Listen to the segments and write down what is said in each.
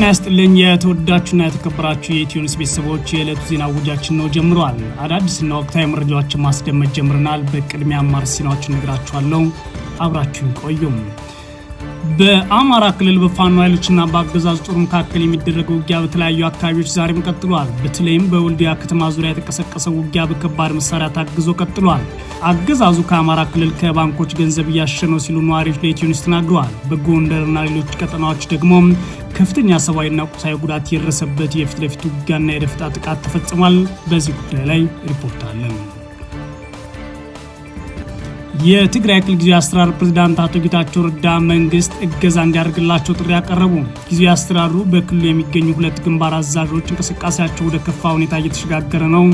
ጤና ይስጥልኝ የተወዳችሁና የተከበራችሁ የኢትዮኒስ ቤተሰቦች፣ የዕለቱ ዜና ውጃችን ነው ጀምረዋል። አዳዲስና ወቅታዊ መረጃዎችን ማስደመጥ ጀምረናል። በቅድሚያ አማር ዜናዎችን ነግራችኋለሁ። አብራችሁን ቆዩም። በአማራ ክልል በፋኖ ኃይሎችና በአገዛዝ ጦር መካከል የሚደረገው ውጊያ በተለያዩ አካባቢዎች ዛሬም ቀጥሏል። በተለይም በወልዲያ ከተማ ዙሪያ የተቀሰቀሰው ውጊያ በከባድ መሳሪያ ታግዞ ቀጥሏል። አገዛዙ ከአማራ ክልል ከባንኮች ገንዘብ እያሸነው ሲሉ ነዋሪዎች ለኢትዮኒስ ተናግረዋል። በጎንደርና ሌሎች ቀጠናዎች ደግሞ ከፍተኛ ሰብአዊና ቁሳዊ ጉዳት የደረሰበት የፊት ለፊት ውጊያና የደፍጣ ጥቃት ተፈጽሟል። በዚህ ጉዳይ ላይ ሪፖርት አለን። የትግራይ ክልል ጊዜያዊ አስተዳደር ፕሬዝዳንት አቶ ጌታቸው ረዳ መንግስት እገዛ እንዲያደርግላቸው ጥሪ ያቀረቡ። ጊዜያዊ አስተዳደሩ በክልሉ የሚገኙ ሁለት ግንባር አዛዦች እንቅስቃሴያቸው ወደ ከፋ ሁኔታ እየተሸጋገረ ነው፣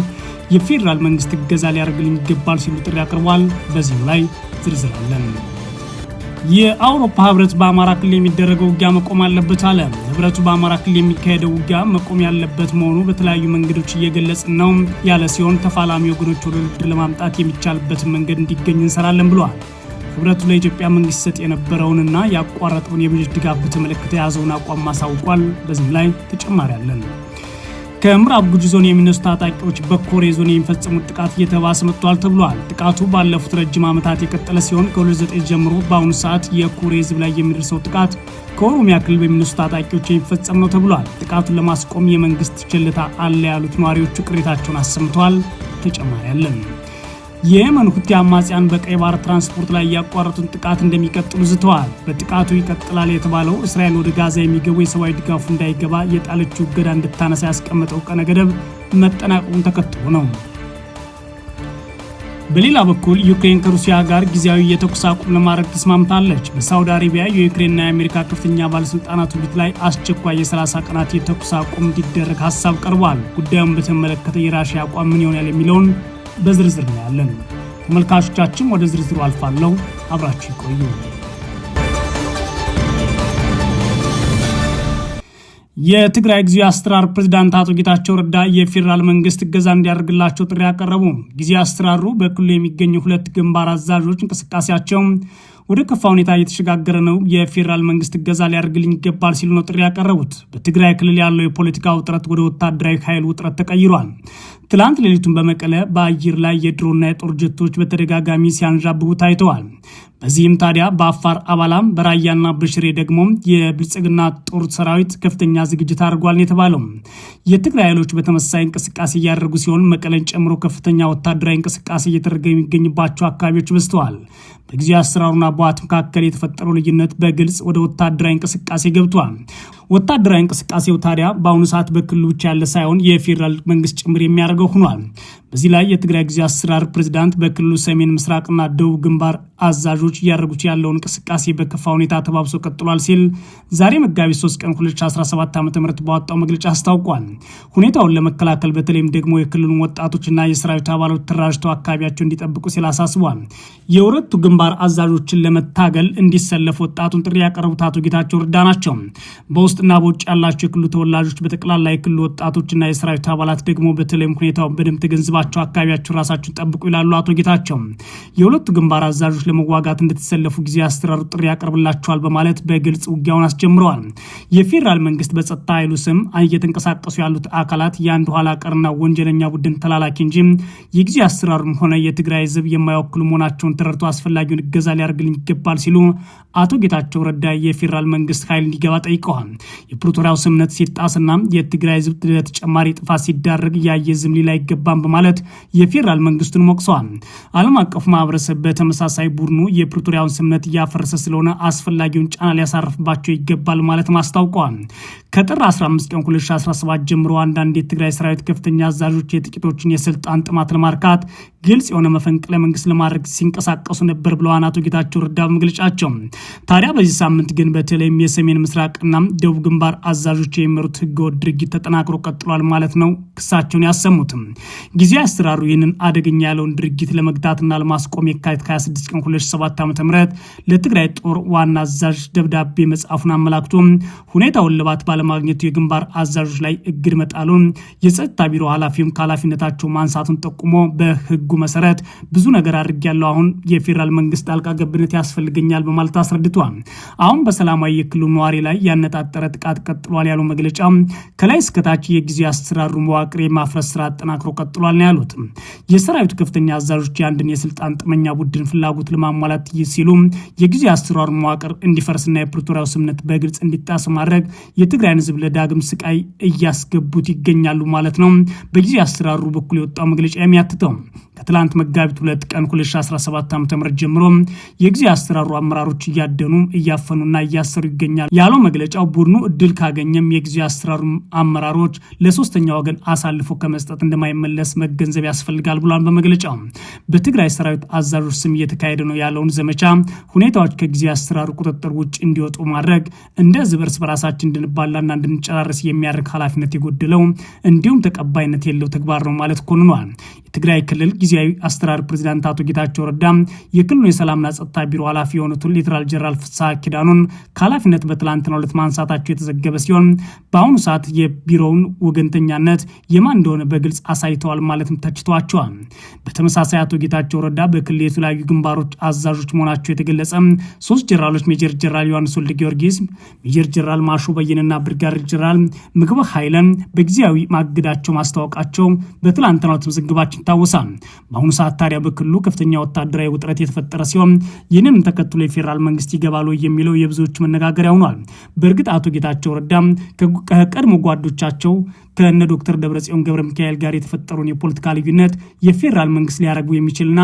የፌዴራል መንግስት እገዛ ሊያደርግልኝ ይገባል ሲሉ ጥሪ አቅርቧል። በዚሁ ላይ ዝርዝር አለን። የአውሮፓ ህብረት በአማራ ክልል የሚደረገው ውጊያ መቆም አለበት አለ። ህብረቱ በአማራ ክልል የሚካሄደው ውጊያ መቆም ያለበት መሆኑ በተለያዩ መንገዶች እየገለጽ ነው ያለ ሲሆን ተፋላሚ ወገኖች ወደ ድርድር ለማምጣት የሚቻልበትን መንገድ እንዲገኝ እንሰራለን ብሏል። ህብረቱ ለኢትዮጵያ መንግስት ሰጥ የነበረውንና ያቋረጠውን የበጀት ድጋፍ በተመለከተ የያዘውን አቋም ማሳውቋል። በዚህም ላይ ተጨማሪ አለን። ከምዕራብ ጉጂ ዞን የሚነሱ ታጣቂዎች በኮሬ ዞን የሚፈጸሙት ጥቃት እየተባሰ መጥቷል ተብሏል። ጥቃቱ ባለፉት ረጅም ዓመታት የቀጠለ ሲሆን ከ29 ጀምሮ በአሁኑ ሰዓት የኮሬ ህዝብ ላይ የሚደርሰው ጥቃት ከኦሮሚያ ክልል በሚነሱ ታጣቂዎች የሚፈጸም ነው ተብሏል። ጥቃቱን ለማስቆም የመንግስት ቸልታ አለ ያሉት ነዋሪዎቹ ቅሬታቸውን አሰምተዋል። ተጨማሪ አለን። የየመን ሁቲ አማጽያን በቀይ ባህር ትራንስፖርት ላይ ያቋረጡን ጥቃት እንደሚቀጥሉ ዝተዋል። በጥቃቱ ይቀጥላል የተባለው እስራኤል ወደ ጋዛ የሚገቡ የሰብአዊ ድጋፉ እንዳይገባ የጣለችው እገዳ እንድታነሳ ያስቀመጠው ቀነ ገደብ መጠናቀቁን ተከትሎ ነው። በሌላ በኩል ዩክሬን ከሩሲያ ጋር ጊዜያዊ የተኩስ አቁም ለማድረግ ተስማምታለች። በሳውዲ አረቢያ የዩክሬንና የአሜሪካ ከፍተኛ ባለስልጣናት ውይይት ላይ አስቸኳይ የ30 ቀናት የተኩስ አቁም እንዲደረግ ሀሳብ ቀርቧል። ጉዳዩን በተመለከተ የራሽያ አቋም ምን ይሆናል የሚለውን በዝርዝር እናያለን። ያለን ተመልካቾቻችን፣ ወደ ዝርዝሩ አልፋለው። አብራችሁ ይቆዩ። የትግራይ ጊዜያዊ አስተዳደር ፕሬዚዳንት አቶ ጌታቸው ረዳ የፌዴራል መንግስት እገዛ እንዲያደርግላቸው ጥሪ አቀረቡ። ጊዜያዊ አስተዳደሩ በክልሉ የሚገኙ ሁለት ግንባር አዛዦች እንቅስቃሴያቸው ወደ ከፋ ሁኔታ እየተሸጋገረ ነው፣ የፌዴራል መንግስት እገዛ ሊያደርግልኝ ይገባል ሲሉ ነው ጥሪ ያቀረቡት። በትግራይ ክልል ያለው የፖለቲካ ውጥረት ወደ ወታደራዊ ኃይል ውጥረት ተቀይሯል። ትላንት ሌሊቱን በመቀለ በአየር ላይ የድሮና የጦር ጀቶች በተደጋጋሚ ሲያንዣብቡ ታይተዋል። በዚህም ታዲያ በአፋር አባላም በራያና በሽሬ ደግሞ የብልጽግና ጦር ሰራዊት ከፍተኛ ዝግጅት አድርጓል የተባለው የትግራይ ኃይሎች በተመሳሳይ እንቅስቃሴ እያደረጉ ሲሆን መቀለን ጨምሮ ከፍተኛ ወታደራዊ እንቅስቃሴ እየተደረገ የሚገኝባቸው አካባቢዎች በዝተዋል። በጊዜ አሰራሩና በህወሓት መካከል የተፈጠረው ልዩነት በግልጽ ወደ ወታደራዊ እንቅስቃሴ ገብቷል። ወታደራዊ እንቅስቃሴው ታዲያ በአሁኑ ሰዓት በክልሉ ብቻ ያለ ሳይሆን የፌዴራል መንግስት ጭምር የሚያደርገው ሆኗል። በዚህ ላይ የትግራይ ጊዜ አሰራር ፕሬዚዳንት በክልሉ ሰሜን ምስራቅና ደቡብ ግንባር አዛዦች እያደረጉት ያለው እንቅስቃሴ በከፋ ሁኔታ ተባብሶ ቀጥሏል ሲል ዛሬ መጋቢት 3 ቀን 2017 ዓ ም ባወጣው መግለጫ አስታውቋል። ሁኔታውን ለመከላከል በተለይም ደግሞ የክልሉን ወጣቶችና የሰራዊት አባሎች ተራጅተው አካባቢያቸው እንዲጠብቁ ሲል አሳስቧል። የሁለቱ ግንባር አዛዦችን ለመታገል እንዲሰለፍ ወጣቱን ጥሪ ያቀረቡት አቶ ጌታቸው ረዳ ናቸው። በውስጥ ውስጥና በውጭ ያላቸው የክልሉ ተወላጆች በጠቅላላ የክልሉ ወጣቶችና የሰራዊት አባላት ደግሞ በተለይም ሁኔታውን በደንብ ተገንዝባቸው አካባቢያቸው ራሳቸውን ጠብቁ ይላሉ አቶ ጌታቸው። የሁለቱ ግንባር አዛዦች ለመዋጋት እንደተሰለፉ ጊዜ አስተራሩ ጥሪ ያቀርብላቸዋል በማለት በግልጽ ውጊያውን አስጀምረዋል። የፌዴራል መንግስት በጸጥታ ኃይሉ ስም እየተንቀሳቀሱ ያሉት አካላት የአንድ ኋላ ቀርና ወንጀለኛ ቡድን ተላላኪ እንጂ የጊዜ አሰራሩም ሆነ የትግራይ ህዝብ የማይወክሉ መሆናቸውን ተረድቶ አስፈላጊውን እገዛ ሊያደርግልኝ ይገባል ሲሉ አቶ ጌታቸው ረዳ የፌዴራል መንግስት ኃይል እንዲገባ ጠይቀዋል። የፕሪቶሪያው ስምምነት ሲጣስና የትግራይ ህዝብ ለተጨማሪ ጥፋት ሲዳረግ ያየ ዝም ሊል አይገባም በማለት የፌዴራል መንግስቱን ሞቅሰዋል። ዓለም አቀፉ ማህበረሰብ በተመሳሳይ ቡድኑ የፕሪቶሪያውን ስምምነት እያፈረሰ ስለሆነ አስፈላጊውን ጫና ሊያሳርፍባቸው ይገባል ማለት አስታውቀዋል። ከጥር 15 ቀን 2017 ጀምሮ አንዳንድ የትግራይ ሰራዊት ከፍተኛ አዛዦች የጥቂቶችን የስልጣን ጥማት ለማርካት ግልጽ የሆነ መፈንቅለ መንግስት ለማድረግ ሲንቀሳቀሱ ነበር ብለዋል አቶ ጌታቸው ረዳ በመግለጫቸው። ታዲያ በዚህ ሳምንት ግን በተለይም የሰሜን ምስራቅና ደቡብ የአገቡ ግንባር አዛዦች የሚመሩት ህገወጥ ድርጊት ተጠናክሮ ቀጥሏል ማለት ነው። ክሳቸውን ያሰሙትም ጊዜ አሰራሩ ይህንን አደገኛ ያለውን ድርጊት ለመግታትና ለማስቆም የካቲት 26 ቀን 2007 ዓ ም ለትግራይ ጦር ዋና አዛዥ ደብዳቤ መጽሐፉን አመላክቶ ሁኔታውን ልባት ባለማግኘቱ የግንባር አዛዦች ላይ እግድ መጣሉን የጸጥታ ቢሮ ኃላፊም ከኃላፊነታቸው ማንሳቱን ጠቁሞ በህጉ መሰረት ብዙ ነገር አድርጌያለሁ፣ አሁን የፌዴራል መንግስት ጣልቃ ገብነት ያስፈልገኛል በማለት አስረድቷል። አሁን በሰላማዊ የክልሉ ነዋሪ ላይ ያነጣጠረ ጥቃት ቀጥሏል ያለው መግለጫ ከላይ እስከታች የጊዜ አሰራሩ መዋቅር የማፍረስ ስራ አጠናክሮ ቀጥሏል ነው ያሉት። የሰራዊቱ ከፍተኛ አዛዦች የአንድን የስልጣን ጥመኛ ቡድን ፍላጎት ለማሟላት ሲሉ የጊዜ አሰራሩ መዋቅር እንዲፈርስና የፕሪቶሪያው ስምነት በግልጽ እንዲጣስ ማድረግ የትግራይን ህዝብ ለዳግም ስቃይ እያስገቡት ይገኛሉ ማለት ነው። በጊዜ አሰራሩ በኩል የወጣው መግለጫ የሚያትተው ከትላንት መጋቢት ሁለት ቀን 2017 ዓ ም ጀምሮ የጊዜ አሰራሩ አመራሮች እያደኑ እያፈኑና እያሰሩ ይገኛል ያለው መግለጫው ቡድኑ እድል ካገኘም የጊዜ አሰራሩ አመራሮች ለሶስተኛ ወገን አሳልፎ ከመስጠት እንደማይመለስ መገንዘብ ያስፈልጋል ብሏል። በመግለጫው በትግራይ ሰራዊት አዛዦች ስም እየተካሄደ ነው ያለውን ዘመቻ ሁኔታዎች ከጊዜ አሰራሩ ቁጥጥር ውጭ እንዲወጡ ማድረግ እንደ ህዝብ እርስ በራሳችን እንድንባላና እንድንጨራረስ የሚያደርግ ኃላፊነት የጎደለው እንዲሁም ተቀባይነት የለው ተግባር ነው ማለት ኮንኗል። የትግራይ ክልል ጊዜያዊ አስተዳደር ፕሬዚዳንት አቶ ጌታቸው ረዳ የክልሉን የሰላምና ጸጥታ ቢሮ ኃላፊ የሆኑትን ሌተናል ጀነራል ፍስሐ ኪዳኑን ከኃላፊነት በትላንትናው ዕለት ማንሳታቸው የተዘገበ ሲሆን በአሁኑ ሰዓት የቢሮውን ወገንተኛነት የማን እንደሆነ በግልጽ አሳይተዋል ማለትም ተችተዋቸዋል። በተመሳሳይ አቶ ጌታቸው ረዳ በክልል የተለያዩ ግንባሮች አዛዦች መሆናቸው የተገለጸ ሶስት ጀነራሎች ሜጀር ጀነራል ዮሐንስ ወልድ ጊዮርጊስ፣ ሜጀር ጀነራል ማሾ በየንና ብርጋር ጀነራል ምግበ ኃይለን በጊዜያዊ ማገዳቸው ማስታወቃቸው በትላንትናው ዕለት መዘገባችን መግለጻቸው ይታወሳል። በአሁኑ ሰዓት ታዲያ በክልሉ ከፍተኛ ወታደራዊ ውጥረት የተፈጠረ ሲሆን ይህንም ተከትሎ የፌዴራል መንግስት ይገባሉ የሚለው የብዙዎች መነጋገሪያ ሆኗል። በእርግጥ አቶ ጌታቸው ረዳም ከቀድሞ ጓዶቻቸው ከነ ዶክተር ደብረጽዮን ገብረ ሚካኤል ጋር የተፈጠሩን የፖለቲካ ልዩነት የፌዴራል መንግስት ሊያረጉ የሚችልና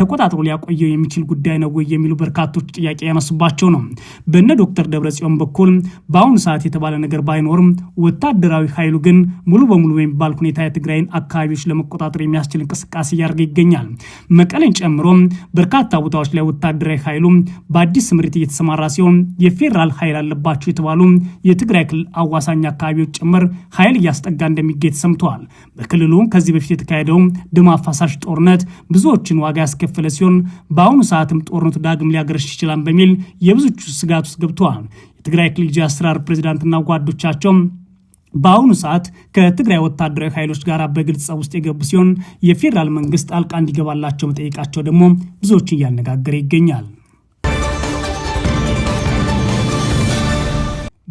ተቆጣጥሮ ሊያቆየው የሚችል ጉዳይ ነው ወይ የሚሉ በርካቶች ጥያቄ ያነሱባቸው ነው። በነ ዶክተር ደብረጽዮን በኩል በአሁኑ ሰዓት የተባለ ነገር ባይኖርም ወታደራዊ ኃይሉ ግን ሙሉ በሙሉ በሚባል ሁኔታ የትግራይን አካባቢዎች ለመቆጣጠር የሚያስችል የሚያስችል እንቅስቃሴ እያደረገ ይገኛል። መቀሌን ጨምሮ በርካታ ቦታዎች ላይ ወታደራዊ ኃይሉ በአዲስ ስምሪት እየተሰማራ ሲሆን የፌዴራል ኃይል አለባቸው የተባሉ የትግራይ ክልል አዋሳኝ አካባቢዎች ጭምር ኃይል እያስጠጋ እንደሚገኝ ተሰምተዋል። በክልሉ ከዚህ በፊት የተካሄደው ደም አፋሳሽ ጦርነት ብዙዎችን ዋጋ ያስከፈለ ሲሆን በአሁኑ ሰዓትም ጦርነቱ ዳግም ሊያገረሽ ይችላል በሚል የብዙዎቹ ስጋት ውስጥ ገብተዋል። የትግራይ ክልል ጊዜያዊ አስተዳደር ፕሬዚዳንትና ጓዶቻቸው በአሁኑ ሰዓት ከትግራይ ወታደራዊ ኃይሎች ጋር በግልጽ ውስጥ የገቡ ሲሆን የፌዴራል መንግስት ጣልቃ እንዲገባላቸው መጠየቃቸው ደግሞ ብዙዎችን እያነጋገረ ይገኛል።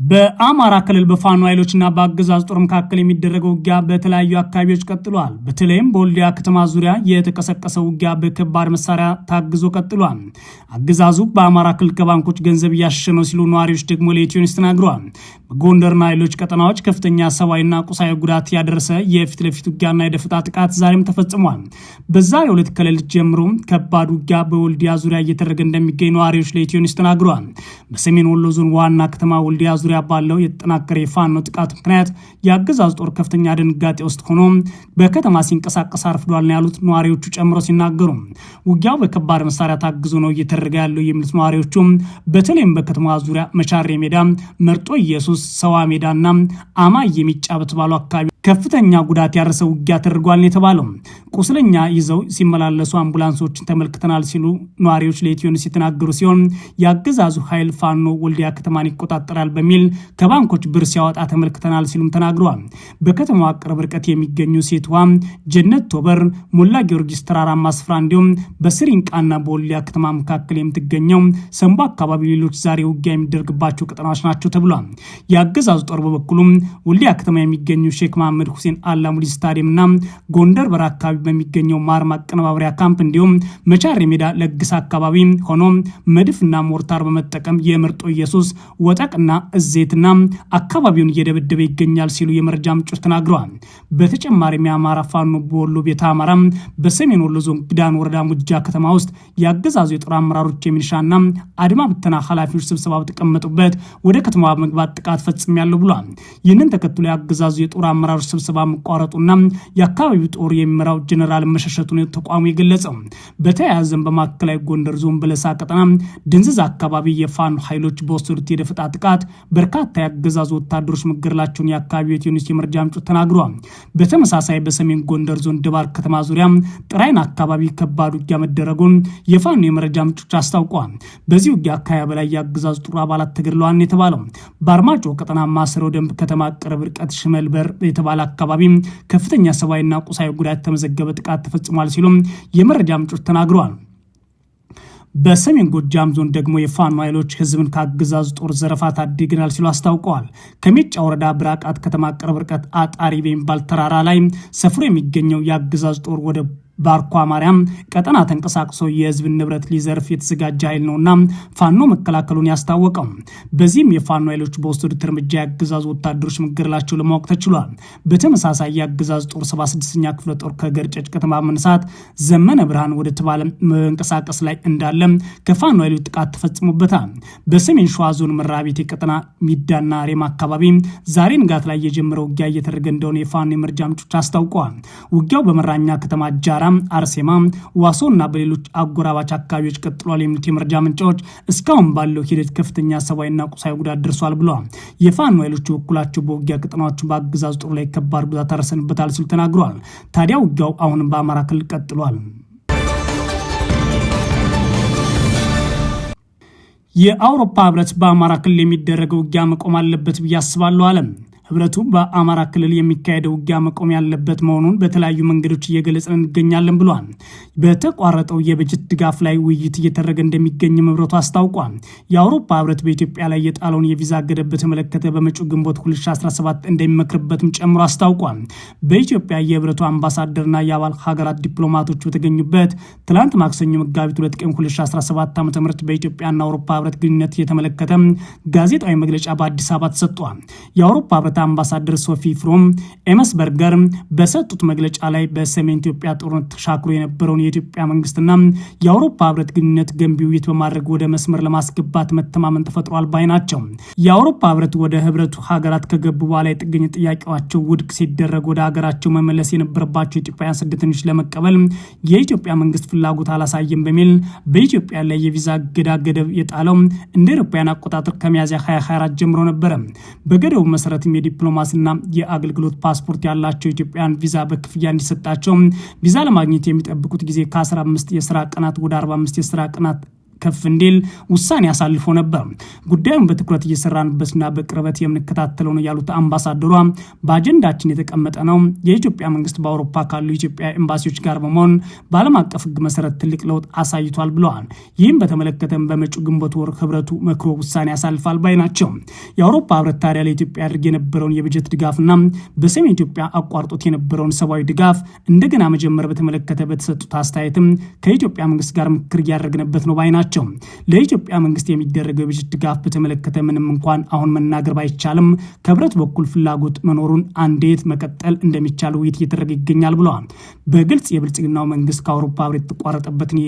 በአማራ ክልል በፋኖ ኃይሎችና በአገዛዝ ጦር መካከል የሚደረገው ውጊያ በተለያዩ አካባቢዎች ቀጥሏል። በተለይም በወልዲያ ከተማ ዙሪያ የተቀሰቀሰ ውጊያ በከባድ መሳሪያ ታግዞ ቀጥሏል። አገዛዙ በአማራ ክልል ከባንኮች ገንዘብ እያሸሸ ነው ሲሉ ነዋሪዎች ደግሞ ለኢትዮ ኒውስ ተናግረዋል። በጎንደርና ሌሎች ቀጠናዎች ከፍተኛ ሰብአዊና ቁሳዊ ጉዳት ያደረሰ የፊት ለፊት ውጊያና የደፈጣ ጥቃት ዛሬም ተፈጽሟል። በዛሬው ዕለት ከሌሊት ጀምሮ ከባድ ውጊያ በወልዲያ ዙሪያ እየተደረገ እንደሚገኝ ነዋሪዎች ለኢትዮ ኒውስ ተናግረዋል። በሰሜን ወሎ ዞን ዋና ከተማ ወልዲያ ዙሪያ ባለው የተጠናከረ የፋኖ ጥቃት ምክንያት የአገዛዝ ጦር ከፍተኛ ድንጋጤ ውስጥ ሆኖ በከተማ ሲንቀሳቀስ አርፍዷል ነው ያሉት ነዋሪዎቹ ጨምሮ ሲናገሩ፣ ውጊያው በከባድ መሳሪያ ታግዞ ነው እየተደረገ ያለው የሚሉት ነዋሪዎቹ በተለይም በከተማ ዙሪያ መቻሬ ሜዳ፣ መርጦ ኢየሱስ፣ ሰዋ ሜዳና አማ የሚጫ በተባሉ አካባቢ ከፍተኛ ጉዳት ያረሰ ውጊያ ተደርጓል የተባለው ቁስለኛ ይዘው ሲመላለሱ አምቡላንሶችን ተመልክተናል ሲሉ ነዋሪዎች ለኢትዮንስ የተናገሩ ሲሆን የአገዛዙ ኃይል ፋኖ ወልዲያ ከተማን ይቆጣጠራል በሚል ከባንኮች ብር ሲያወጣ ተመልክተናል ሲሉም ተናግረዋል። በከተማዋ ቅርብ ርቀት የሚገኙ ሴትዋ፣ ጀነት ቶበር፣ ሞላ ጊዮርጊስ ተራራማ ስፍራ እንዲሁም በስሪንቃና በወልዲያ ከተማ መካከል የምትገኘው ሰንቦ አካባቢ ሌሎች ዛሬ ውጊያ የሚደረግባቸው ቀጠናዎች ናቸው ተብሏል። የአገዛዙ ጦር በበኩሉም ወልዲያ ከተማ የሚገኙ ሼክ መሐመድ ሁሴን አላሙዲ ስታዲየምና ጎንደር በራ አካባቢ በሚገኘው ማር ማቀነባበሪያ ካምፕ እንዲሁም መቻሬ ሜዳ ለግስ አካባቢ ሆኖ መድፍና ሞርታር በመጠቀም የምርጦ ኢየሱስ ወጠቅና እዜትና አካባቢውን እየደበደበ ይገኛል ሲሉ የመረጃ ምንጮች ተናግረዋል። በተጨማሪም የአማራ ፋኖ በወሎ ቤተ አማራ በሰሜን ወሎ ዞን ግዳን ወረዳ ሙጃ ከተማ ውስጥ የአገዛዙ የጦር አመራሮች የሚልሻና አድማ ብተና ኃላፊዎች ስብሰባ በተቀመጡበት ወደ ከተማ በመግባት ጥቃት ፈጽሜያለሁ ብሏል። ይህንን ተከትሎ የአገዛዙ የጦር አመራሮች ስብሰባ መቋረጡና የአካባቢው ጦር የሚመራው ጀኔራል መሸሸቱን ተቋሙ የገለጸው። በተያያዘም በማዕከላዊ ጎንደር ዞን በለሳ ቀጠና ድንዝዝ አካባቢ የፋኖ ኃይሎች በወሰዱት የደፈጣ ጥቃት በርካታ የአገዛዙ ወታደሮች መገደላቸውን የአካባቢው የቴኒስ የመረጃ ምንጮች ተናግረዋል። በተመሳሳይ በሰሜን ጎንደር ዞን ድባር ከተማ ዙሪያ ጥራይን አካባቢ ከባድ ውጊያ መደረጉን የፋኖ የመረጃ ምንጮች አስታውቀዋል። በዚህ ውጊያ አካባቢ በላይ የአገዛዙ ጦር አባላት ተገድለዋል የተባለው በአርማጮ ቀጠና ማሰረው ደንብ ከተማ ቅርብ ርቀት ሽመልበር የተባ በተባለ አካባቢ ከፍተኛ ሰብአዊና ቁሳዊ ጉዳት የተመዘገበ ጥቃት ተፈጽሟል ሲሉም የመረጃ ምንጮች ተናግረዋል። በሰሜን ጎጃም ዞን ደግሞ የፋኖ ኃይሎች ህዝብን ከአገዛዙ ጦር ዘረፋ ታድገናል ሲሉ አስታውቀዋል። ከሜጫ ወረዳ ብራቃት ከተማ ቅርብ ርቀት አጣሪ በሚባል ተራራ ላይ ሰፍሮ የሚገኘው የአገዛዙ ጦር ወደ ባርኳ ማርያም ቀጠና ተንቀሳቅሶ የህዝብን ንብረት ሊዘርፍ የተዘጋጀ ኃይል ነውና ፋኖ መከላከሉን ያስታወቀው። በዚህም የፋኖ ኃይሎች በወሰዱት እርምጃ የአገዛዙ ወታደሮች መገደላቸው ለማወቅ ተችሏል። በተመሳሳይ የአገዛዝ ጦር 76ኛ ክፍለ ጦር ከገርጨጭ ከተማ መነሳት ዘመነ ብርሃን ወደ ተባለ መንቀሳቀስ ላይ እንዳለ ከፋኖ ኃይሎች ጥቃት ተፈጽሞበታል። በሰሜን ሸዋ ዞን መራቤቴ ቀጠና ሚዳና ሬማ አካባቢ ዛሬ ንጋት ላይ የጀመረው ውጊያ እየተደረገ እንደሆነ የፋኖ የመረጃ ምንጮች አስታውቀዋል። ውጊያው በመራኛ ከተማ ጃራ አርሴማ፣ ዋሶና በሌሎች አጎራባች አካባቢዎች ቀጥሏል የሚሉት የመረጃ ምንጫዎች እስካሁን ባለው ሂደት ከፍተኛ ሰብአዊና ቁሳዊ ጉዳት ደርሷል ብለዋል። የፋኖ ኃይሎች በበኩላቸው በውጊያ ቅጥናዎችን በአገዛዙ ጦር ላይ ከባድ ጉዳት አደረሰንበታል ሲሉ ተናግረዋል። ታዲያ ውጊያው አሁንም በአማራ ክልል ቀጥሏል። የአውሮፓ ህብረት በአማራ ክልል የሚደረገው ውጊያ መቆም አለበት ብዬ አስባለሁ አለም ህብረቱ በአማራ ክልል የሚካሄደው ውጊያ መቆም ያለበት መሆኑን በተለያዩ መንገዶች እየገለጽን እንገኛለን ብሏል። በተቋረጠው የበጀት ድጋፍ ላይ ውይይት እየተደረገ እንደሚገኝ ህብረቱ አስታውቋል። የአውሮፓ ህብረት በኢትዮጵያ ላይ የጣለውን የቪዛ ገደብ በተመለከተ በመጪው ግንቦት 2017 እንደሚመክርበትም ጨምሮ አስታውቋል። በኢትዮጵያ የህብረቱ አምባሳደርና የአባል ሀገራት ዲፕሎማቶች በተገኙበት ትላንት ማክሰኞ መጋቢት 2 ቀን 2017 ዓ ም በኢትዮጵያና አውሮፓ ህብረት ግንኙነት የተመለከተ ጋዜጣዊ መግለጫ በአዲስ አበባ ተሰጥቷል። የአውሮፓ ህብረት እርዳታ አምባሳደር ሶፊ ፍሮም በርገር በሰጡት መግለጫ ላይ በሰሜን ኢትዮጵያ ጦርነት ተሻክሮ የነበረውን የኢትዮጵያ መንግስትና የአውሮፓ ህብረት ግንኙነት ገንቢ ውይይት በማድረግ ወደ መስመር ለማስገባት መተማመን ተፈጥሯል ባይ ናቸው። የአውሮፓ ህብረት ወደ ህብረቱ ሀገራት ከገቡ በኋላ የጥገኝ ጥያቄዋቸው ውድቅ ሲደረግ ወደ ሀገራቸው መመለስ የነበረባቸው ኢትዮጵያውያን ስደተኞች ለመቀበል የኢትዮጵያ መንግስት ፍላጎት አላሳየም በሚል በኢትዮጵያ ላይ የቪዛ እገዳ ገደብ የጣለው እንደ አውሮፓውያን አቆጣጠር ከሚያዝያ 2024 ጀምሮ ነበረ። በገደቡ መሰረት የዲፕሎማስና የአገልግሎት ፓስፖርት ያላቸው ኢትዮጵያውያን ቪዛ በክፍያ እንዲሰጣቸው ቪዛ ለማግኘት የሚጠብቁት ጊዜ ከ15 የስራ ቀናት ወደ 45 የስራ ቀናት ከፍ እንዲል ውሳኔ አሳልፎ ነበር። ጉዳዩን በትኩረት እየሰራንበትና በቅርበት የምንከታተለው ነው ያሉት አምባሳደሯ በአጀንዳችን የተቀመጠ ነው። የኢትዮጵያ መንግስት በአውሮፓ ካሉ ኢትዮጵያ ኤምባሲዎች ጋር በመሆን በዓለም አቀፍ ህግ መሰረት ትልቅ ለውጥ አሳይቷል ብለዋል። ይህም በተመለከተም በመጪው ግንቦት ወር ህብረቱ መክሮ ውሳኔ ያሳልፋል ባይ ናቸው። የአውሮፓ ህብረት ታዲያ ለኢትዮጵያ ያድርግ የነበረውን የበጀት ድጋፍና በሰሜን ኢትዮጵያ አቋርጦት የነበረውን ሰብአዊ ድጋፍ እንደገና መጀመር በተመለከተ በተሰጡት አስተያየትም ከኢትዮጵያ መንግስት ጋር ምክር እያደረግንበት ነው ባይ ናቸው። ናቸው። ለኢትዮጵያ መንግስት የሚደረገው የበጀት ድጋፍ በተመለከተ ምንም እንኳን አሁን መናገር ባይቻልም ከህብረት በኩል ፍላጎት መኖሩን እንዴት መቀጠል እንደሚቻል ውይይት እየተደረገ ይገኛል ብለዋል። በግልጽ የብልጽግናው መንግስት ከአውሮፓ ህብረት የተቋረጠበትን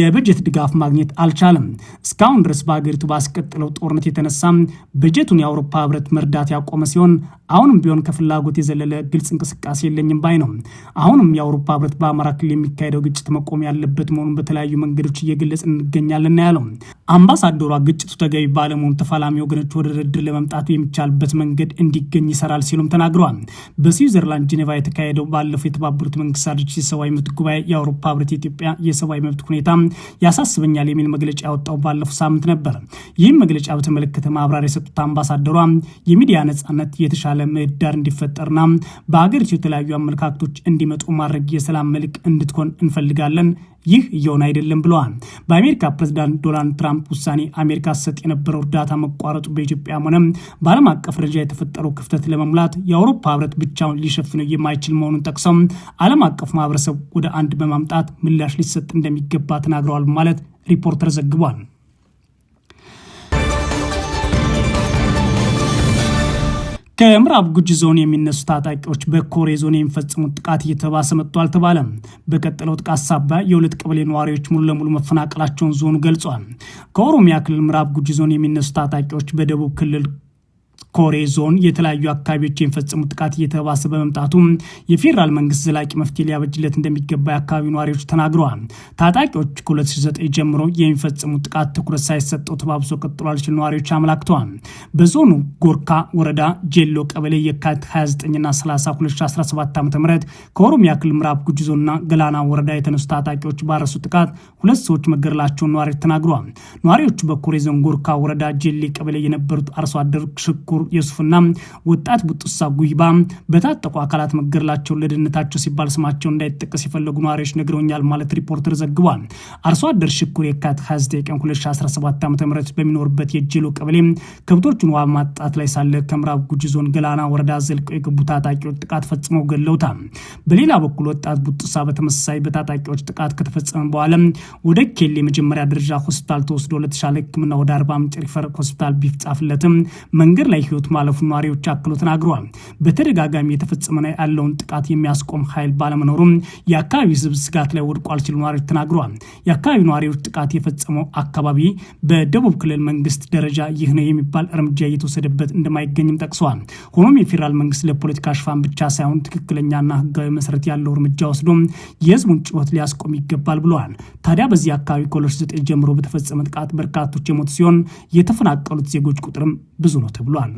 የበጀት ድጋፍ ማግኘት አልቻለም። እስካሁን ድረስ በሀገሪቱ ባስቀጥለው ጦርነት የተነሳ በጀቱን የአውሮፓ ህብረት መርዳት ያቆመ ሲሆን አሁንም ቢሆን ከፍላጎት የዘለለ ግልጽ እንቅስቃሴ የለኝም ባይ ነው። አሁንም የአውሮፓ ህብረት በአማራ ክልል የሚካሄደው ግጭት መቆም ያለበት መሆኑን በተለያዩ መንገዶች እየገለጽ እንገኛለን ያለው አምባሳደሯ ግጭቱ ተገቢ ባለመሆኑ ተፋላሚ ወገኖች ወደ ድርድር ለመምጣት የሚቻልበት መንገድ እንዲገኝ ይሰራል ሲሉም ተናግረዋል። በስዊዘርላንድ ጄኔቫ የተካሄደው ባለፈው የተባበሩት መንግስታት ድርጅት የሰብአዊ መብት ጉባኤ የአውሮፓ ህብረት የኢትዮጵያ የሰብአዊ መብት ሁኔታ ያሳስበኛል የሚል መግለጫ ያወጣው ባለፈው ሳምንት ነበር። ይህም መግለጫ በተመለከተ ማብራሪያ የሰጡት አምባሳደሯ የሚዲያ ነጻነት የተሻለ ምህዳር እንዲፈጠርና በሀገሪቱ የተለያዩ አመለካከቶች እንዲመጡ ማድረግ የሰላም መልክ እንድትሆን እንፈልጋለን ይህ እየሆነ አይደለም ብለዋል። በአሜሪካ ፕሬዚዳንት ዶናልድ ትራምፕ ውሳኔ አሜሪካ ሰጥ የነበረው እርዳታ መቋረጡ በኢትዮጵያም ሆነ በዓለም አቀፍ ደረጃ የተፈጠረው ክፍተት ለመሙላት የአውሮፓ ህብረት ብቻውን ሊሸፍነው የማይችል መሆኑን ጠቅሰው ዓለም አቀፍ ማህበረሰብ ወደ አንድ በማምጣት ምላሽ ሊሰጥ እንደሚገባ ተናግረዋል ማለት ሪፖርተር ዘግቧል። ከምዕራብ ጉጂ ዞን የሚነሱ ታጣቂዎች በኮሬ ዞን የሚፈጽሙት ጥቃት እየተባሰ መጥቷል ተባለ። በቀጠለው ጥቃት ሳቢያ የሁለት ቀበሌ ነዋሪዎች ሙሉ ለሙሉ መፈናቀላቸውን ዞኑ ገልጿል። ከኦሮሚያ ክልል ምዕራብ ጉጅ ዞን የሚነሱ ታጣቂዎች በደቡብ ክልል ኮሬ ዞን የተለያዩ አካባቢዎች የሚፈጽሙ ጥቃት እየተባሰ በመምጣቱ የፌዴራል መንግስት ዘላቂ መፍትሄ ሊያበጅለት እንደሚገባ የአካባቢው ነዋሪዎች ተናግረዋል። ታጣቂዎች ከ2009 ጀምሮ የሚፈጽሙ ጥቃት ትኩረት ሳይሰጠው ተባብሶ ቀጥሏል ሲሉ ነዋሪዎች አመላክተዋል። በዞኑ ጎርካ ወረዳ ጄሎ ቀበሌ የካቲት 29ና 30 2017 ዓ ም ከኦሮሚያ ክልል ምዕራብ ጉጂ ዞንና ገላና ወረዳ የተነሱ ታጣቂዎች ባረሱ ጥቃት ሁለት ሰዎች መገደላቸውን ነዋሪዎች ተናግረዋል። ነዋሪዎቹ በኮሬ ዞን ጎርካ ወረዳ ጄሌ ቀበሌ የነበሩት አርሶ አደር ሽኩር ኡመር የሱፍና ወጣት ቡጡሳ ጉይባ በታጠቁ አካላት መገደላቸውን ለደህንነታቸው ሲባል ስማቸው እንዳይጠቀስ የፈለጉ ነዋሪዎች ነግረውኛል ማለት ሪፖርተር ዘግቧል። አርሶ አደር ሽኩር የካቲት 29 ቀን 2017 ዓ ም በሚኖርበት የጀሎ ቀበሌ ከብቶቹን ውሃ ማጣት ላይ ሳለ ከምዕራብ ጉጂ ዞን ገላና ወረዳ ዘልቀው የገቡ ታጣቂዎች ጥቃት ፈጽመው ገለውታል። በሌላ በኩል ወጣት ቡጡሳ በተመሳሳይ በታጣቂዎች ጥቃት ከተፈጸመ በኋላ ወደ ኬል የመጀመሪያ ደረጃ ሆስፒታል ተወስዶ ለተሻለ ሕክምና ወደ አርባ ምንጭ ሪፈር ሆስፒታል ቢፍጻፍለትም መንገድ ላይ ህይወት ማለፉ ነዋሪዎች አክሎ ተናግረዋል። በተደጋጋሚ የተፈጸመ ያለውን ጥቃት የሚያስቆም ኃይል ባለመኖሩም የአካባቢው ህዝብ ስጋት ላይ ወድቋል ሲሉ ነዋሪዎች ተናግረዋል። የአካባቢ ነዋሪዎች ጥቃት የፈጸመው አካባቢ በደቡብ ክልል መንግስት ደረጃ ይህ ነው የሚባል እርምጃ እየተወሰደበት እንደማይገኝም ጠቅሰዋል። ሆኖም የፌዴራል መንግስት ለፖለቲካ ሽፋን ብቻ ሳይሆን ትክክለኛና ህጋዊ መሰረት ያለው እርምጃ ወስዶ የህዝቡን ጩኸት ሊያስቆም ይገባል ብለዋል። ታዲያ በዚህ አካባቢ ኮሎች ዘጠኝ ጀምሮ በተፈጸመ ጥቃት በርካቶች የሞቱ ሲሆን የተፈናቀሉት ዜጎች ቁጥርም ብዙ ነው ተብሏል።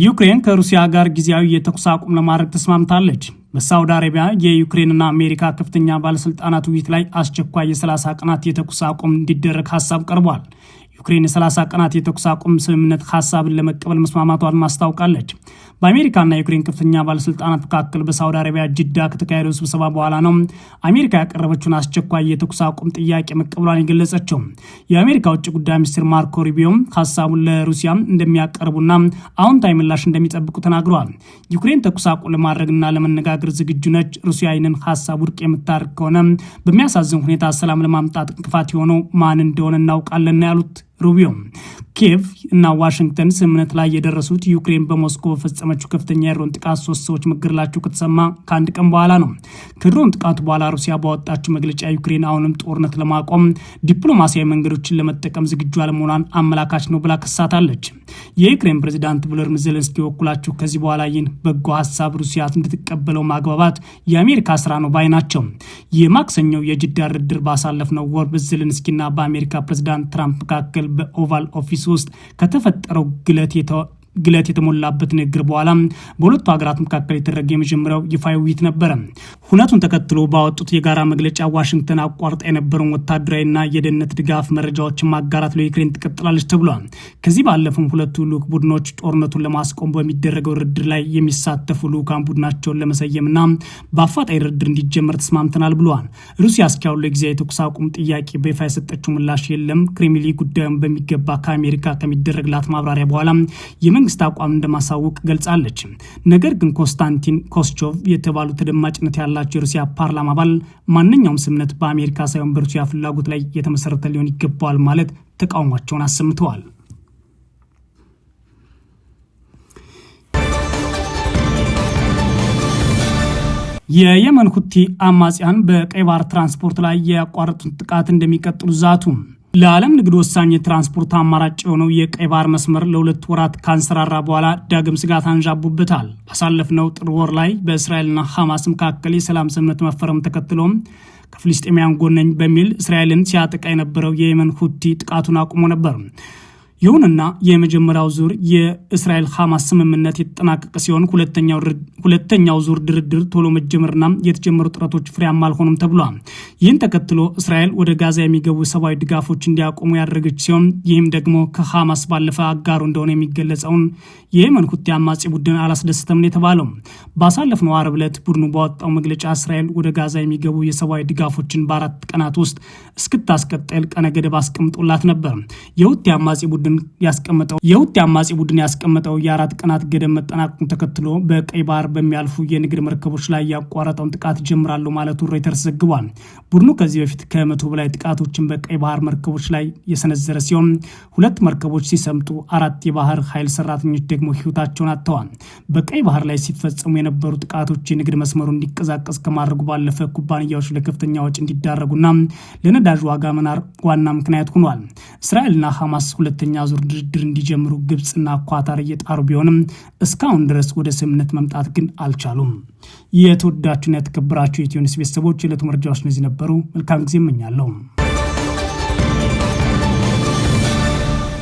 ዩክሬን ከሩሲያ ጋር ጊዜያዊ የተኩስ አቁም ለማድረግ ተስማምታለች። በሳውዲ አረቢያ የዩክሬንና አሜሪካ ከፍተኛ ባለስልጣናት ውይይት ላይ አስቸኳይ የ30 ቀናት የተኩስ አቁም እንዲደረግ ሀሳብ ቀርቧል። ዩክሬን የ30 ቀናት የተኩስ አቁም ስምምነት ሀሳብን ለመቀበል መስማማቷን ማስታውቃለች። በአሜሪካና ዩክሬን ከፍተኛ ባለስልጣናት መካከል በሳውዲ አረቢያ ጅዳ ከተካሄደው ስብሰባ በኋላ ነው አሜሪካ ያቀረበችውን አስቸኳይ የተኩስ አቁም ጥያቄ መቀበሏን የገለጸችው። የአሜሪካ ውጭ ጉዳይ ሚኒስትር ማርኮ ሩቢዮም ሀሳቡን ለሩሲያ እንደሚያቀርቡና አዎንታዊ ምላሽ እንደሚጠብቁ ተናግረዋል። ዩክሬን ተኩስ አቁም ለማድረግና ለመነጋገር ዝግጁ ነች። ሩሲያ ይህንን ሀሳብ ውድቅ የምታደርግ ከሆነ በሚያሳዝን ሁኔታ ሰላም ለማምጣት እንቅፋት የሆነው ማን እንደሆነ እናውቃለን ያሉት ሩቢዮ ኬቭ እና ዋሽንግተን ስምምነት ላይ የደረሱት ዩክሬን በሞስኮ በፈጸመችው ከፍተኛ የድሮን ጥቃት ሶስት ሰዎች መገደላቸው ከተሰማ ከአንድ ቀን በኋላ ነው። ከድሮን ጥቃቱ በኋላ ሩሲያ ባወጣችው መግለጫ ዩክሬን አሁንም ጦርነት ለማቆም ዲፕሎማሲያዊ መንገዶችን ለመጠቀም ዝግጁ አለመሆኗን አመላካች ነው ብላ ከሳታለች። የዩክሬን ፕሬዚዳንት ቮሎድሚር ዜሌንስኪ በኩላቸው ከዚህ በኋላ ይህን በጎ ሀሳብ ሩሲያ እንድትቀበለው ማግባባት የአሜሪካ ስራ ነው ባይ ናቸው። የማክሰኞው የጅዳ ድርድር ባሳለፍነው ወር በዜሌንስኪና በአሜሪካ ፕሬዚዳንት ትራምፕ መካከል በኦቫል ኦፊስ ውስጥ ከተፈጠረው ግለት ግለት የተሞላበት ንግግር በኋላ በሁለቱ ሀገራት መካከል የተደረገ የመጀመሪያው ይፋ ውይይት ነበረ። ሁነቱን ተከትሎ ባወጡት የጋራ መግለጫ ዋሽንግተን አቋርጣ የነበረውን ወታደራዊና የደህንነት ድጋፍ መረጃዎችን ማጋራት ለዩክሬን ትቀጥላለች ተብሏል። ከዚህ ባለፈም ሁለቱ ልዑክ ቡድኖች ጦርነቱን ለማስቆም በሚደረገው ድርድር ላይ የሚሳተፉ ልዑካን ቡድናቸውን ለመሰየምና በአፋጣኝ ድርድር እንዲጀመር ተስማምተናል ብለዋል። ሩሲያ እስካሁን ለጊዜ የተኩስ አቁም ጥያቄ በይፋ የሰጠችው ምላሽ የለም። ክሬምሊ ጉዳዩን በሚገባ ከአሜሪካ ከሚደረግላት ማብራሪያ በኋላ የመንግስት አቋም እንደማሳወቅ ገልጻለች። ነገር ግን ኮንስታንቲን ኮስቾቭ የተባሉ ተደማጭነት ያላቸው የሩሲያ ፓርላማ አባል ማንኛውም ስምነት በአሜሪካ ሳይሆን በሩሲያ ፍላጎት ላይ የተመሰረተ ሊሆን ይገባዋል ማለት ተቃውሟቸውን አሰምተዋል። የየመን ሁቲ አማጽያን በቀይ ባህር ትራንስፖርት ላይ ያቋረጡት ጥቃት እንደሚቀጥሉ ዛቱም። ለዓለም ንግድ ወሳኝ የትራንስፖርት አማራጭ የሆነው የቀይ ባህር መስመር ለሁለት ወራት ካንሰራራ በኋላ ዳግም ስጋት አንዣቡበታል። ባሳለፍነው ጥር ወር ላይ በእስራኤልና ሐማስ መካከል የሰላም ስምምነት መፈረም ተከትሎም ከፍልስጤማውያን ጎን ነኝ በሚል እስራኤልን ሲያጠቃ የነበረው የየመን ሁቲ ጥቃቱን አቁሞ ነበር። ይሁንና የመጀመሪያው ዙር የእስራኤል ሐማስ ስምምነት የተጠናቀቀ ሲሆን ሁለተኛው ዙር ድርድር ቶሎ መጀመርና የተጀመሩ ጥረቶች ፍሬያማ አልሆኑም ተብሏል። ይህን ተከትሎ እስራኤል ወደ ጋዛ የሚገቡ ሰብአዊ ድጋፎች እንዲያቆሙ ያደረገች ሲሆን ይህም ደግሞ ከሐማስ ባለፈ አጋሩ እንደሆነ የሚገለጸውን የየመን አማጺ ቡድን አላስደስተም ነው የተባለው። ባሳለፍነው አርብ ዕለት ቡድኑ ባወጣው መግለጫ እስራኤል ወደ ጋዛ የሚገቡ የሰብአዊ ድጋፎችን በአራት ቀናት ውስጥ እስክታስቀጠል ቀነ ገደብ አስቀምጦላት ነበር። የሁቲ አማጺ ቡድን ያስቀመጠው አማጺ ቡድን ያስቀመጠው የአራት ቀናት ገደብ መጠናቀቁን ተከትሎ በቀይ ባህር በሚያልፉ የንግድ መርከቦች ላይ ያቋረጠውን ጥቃት ጀምራሉ ማለቱ ሮይተርስ ዘግቧል። ቡድኑ ከዚህ በፊት ከመቶ በላይ ጥቃቶችን በቀይ ባህር መርከቦች ላይ የሰነዘረ ሲሆን ሁለት መርከቦች ሲሰምጡ አራት የባህር ኃይል ሰራተኞች ደግሞ ደግሞ ህይወታቸውን አጥተዋል። በቀይ ባህር ላይ ሲፈጸሙ የነበሩ ጥቃቶች የንግድ መስመሩ እንዲቀዛቀዝ ከማድረጉ ባለፈ ኩባንያዎች ለከፍተኛ ወጪ እንዲዳረጉና ለነዳጅ ዋጋ መናር ዋና ምክንያት ሆኗል። እስራኤልና ሐማስ ሁለተኛ ዙር ድርድር እንዲጀምሩ ግብፅና ኳታር እየጣሩ ቢሆንም እስካሁን ድረስ ወደ ስምምነት መምጣት ግን አልቻሉም። የተወዳችሁና የተከበራችሁ የኢትዮ ኒውስ ቤተሰቦች የዕለቱ መረጃዎች እነዚህ ነበሩ። መልካም ጊዜ እመኛለሁ።